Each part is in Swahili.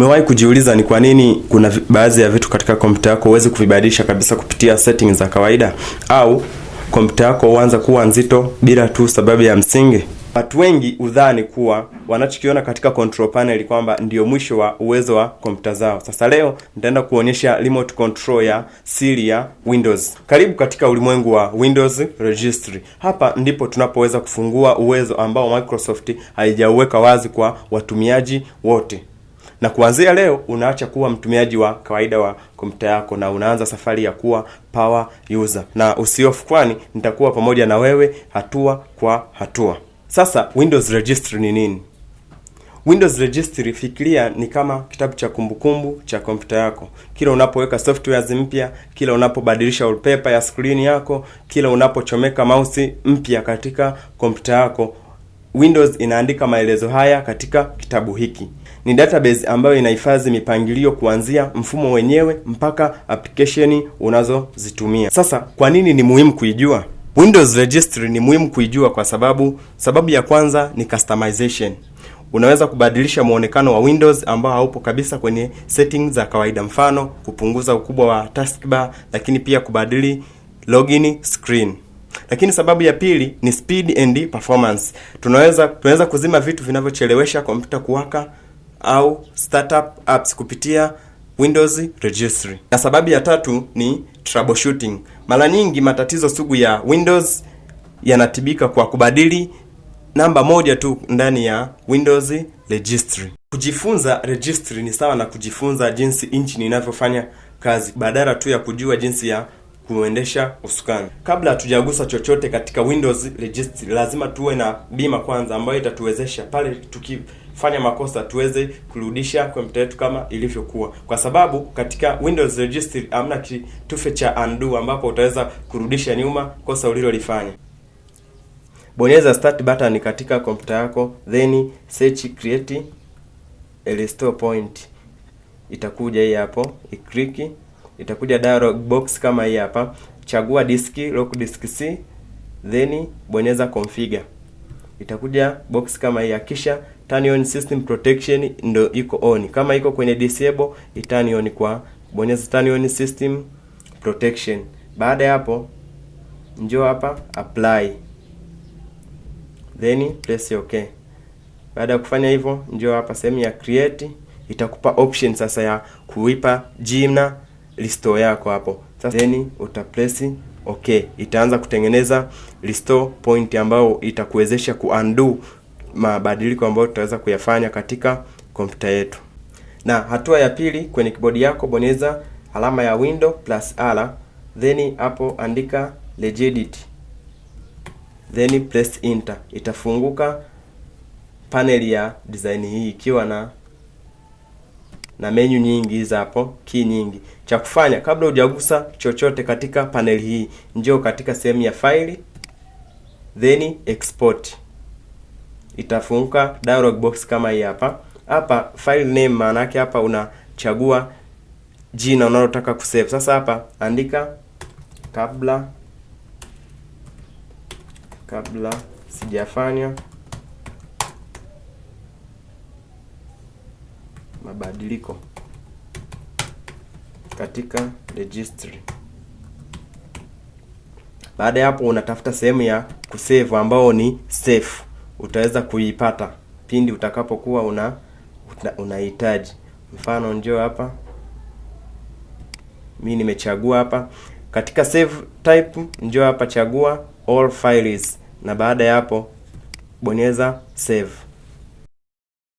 Umewahi kujiuliza ni kwa nini kuna baadhi ya vitu katika kompyuta yako huwezi kuvibadilisha kabisa kupitia settings za kawaida, au kompyuta yako huanza kuwa nzito bila tu sababu ya msingi? Watu wengi udhani kuwa wanachokiona katika control panel kwamba ndio mwisho wa uwezo wa kompyuta zao. Sasa leo nitaenda kuonyesha remote control ya siri ya Windows. Karibu katika ulimwengu wa Windows Registry. Hapa ndipo tunapoweza kufungua uwezo ambao Microsoft haijauweka wazi kwa watumiaji wote na kuanzia leo unaacha kuwa mtumiaji wa kawaida wa kompyuta yako na unaanza safari ya kuwa power user, na usiofu kwani nitakuwa pamoja na wewe hatua kwa hatua. Sasa Windows Registry ni nini? Windows Registry fikiria ni kama kitabu cha kumbukumbu cha kompyuta yako. Kila unapoweka softwares mpya, kila unapobadilisha wallpaper ya skrini yako, kila unapochomeka mouse mpya katika kompyuta yako, Windows inaandika maelezo haya katika kitabu hiki ni database ambayo inahifadhi mipangilio kuanzia mfumo wenyewe mpaka application unazozitumia. Sasa kwa nini ni muhimu kuijua? Windows registry ni muhimu kuijua kwa sababu, sababu ya kwanza ni customization. Unaweza kubadilisha muonekano wa Windows ambao haupo kabisa kwenye settings za kawaida, mfano kupunguza ukubwa wa taskbar, lakini pia kubadili login screen. Lakini sababu ya pili ni speed and performance. Tunaweza tunaweza kuzima vitu vinavyochelewesha kompyuta kuwaka au startup apps kupitia Windows Registry. Na sababu ya tatu ni troubleshooting. Mara nyingi matatizo sugu ya Windows yanatibika kwa kubadili namba moja tu ndani ya Windows Registry. Kujifunza registry ni sawa na kujifunza jinsi engine inavyofanya kazi badala tu ya kujua jinsi ya kuendesha usukani. Kabla hatujagusa chochote katika Windows Registry, lazima tuwe na bima kwanza ambayo itatuwezesha pale tuki kufanya makosa tuweze kurudisha kompyuta yetu kama ilivyokuwa, kwa sababu katika Windows registry hamna kitufe cha undo ambapo utaweza kurudisha nyuma kosa ulilolifanya. Bonyeza start button katika kompyuta yako, then search create a restore point. Itakuja hii hapo, iklik, itakuja dialog box kama hii hapa. Chagua disk lock disk C, then bonyeza configure, itakuja box kama hii, kisha turn on system protection ndo iko on. Kama iko kwenye disable iturn on kwa bonyeza turn on system protection. Baada ya hapo, njoo hapa apply, then press okay. Baada ya kufanya hivyo, njoo hapa sehemu ya create, itakupa option sasa ya kuipa jina listo yako hapo. Sasa then uta press okay, itaanza kutengeneza listo point ambayo itakuwezesha kuundo mabadiliko ambayo tutaweza kuyafanya katika kompyuta yetu. Na hatua ya pili, kwenye kibodi yako bonyeza alama ya window plus R, then hapo andika legedit, then press enter. Itafunguka paneli ya design hii ikiwa na na menyu nyingi hizo hapo, key nyingi. Cha kufanya kabla hujagusa chochote katika paneli hii, njoo katika sehemu ya faili then export itafunguka dialog box kama hii hapa. Hapa file name, maana yake hapa unachagua jina unalotaka kusave. Sasa hapa andika kabla kabla sijafanya mabadiliko katika registry. Baada ya hapo, unatafuta sehemu ya kusave ambao ni safe utaweza kuipata pindi utakapokuwa una unahitaji. una Mfano, njoo hapa, mi nimechagua hapa katika save type, njoo hapa, chagua all files, na baada ya hapo bonyeza save.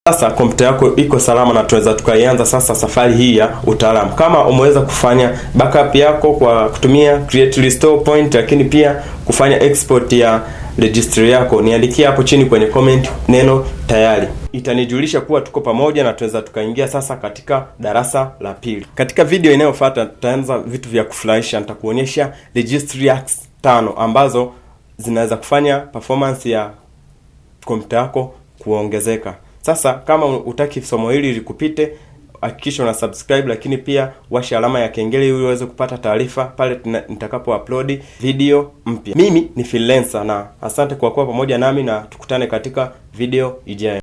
Sasa kompyuta yako iko salama na tunaweza tukaianza sasa safari hii ya utaalamu. Kama umeweza kufanya backup yako kwa kutumia create restore point, lakini pia kufanya export ya registry yako, niandikie hapo chini kwenye comment neno tayari. Itanijulisha kuwa tuko pamoja na tunaweza tukaingia sasa katika darasa la pili. Katika video inayofuata tutaanza vitu vya kufurahisha, nitakuonyesha registry hacks tano ambazo zinaweza kufanya performance ya kompyuta yako kuongezeka. Sasa kama utaki somo hili likupite hakikisha una subscribe, lakini pia washa alama ya kengele ili uweze kupata taarifa pale nitakapo upload video mpya. Mimi ni filensa na asante kwa kuwa pamoja nami na tukutane katika video ijayo.